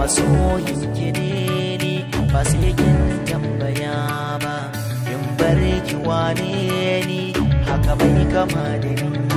masoyin gidere ba sai kin tambaya ba in bar ki wane ni haka bai kama da ni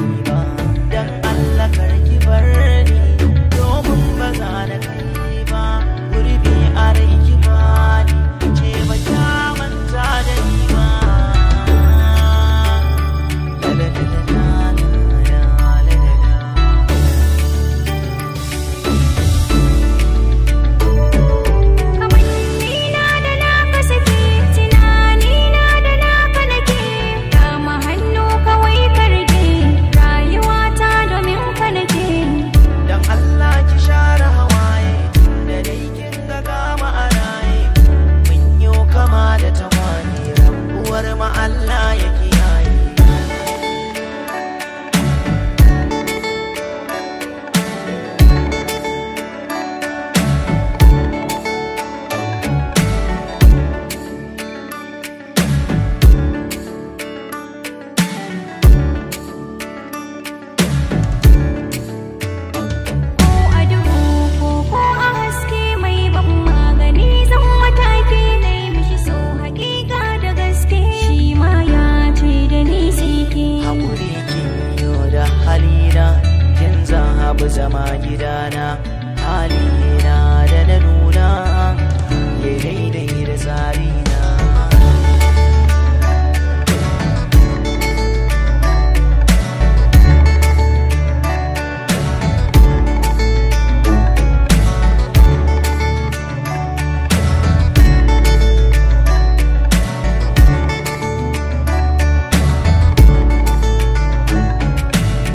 zama gidana halin.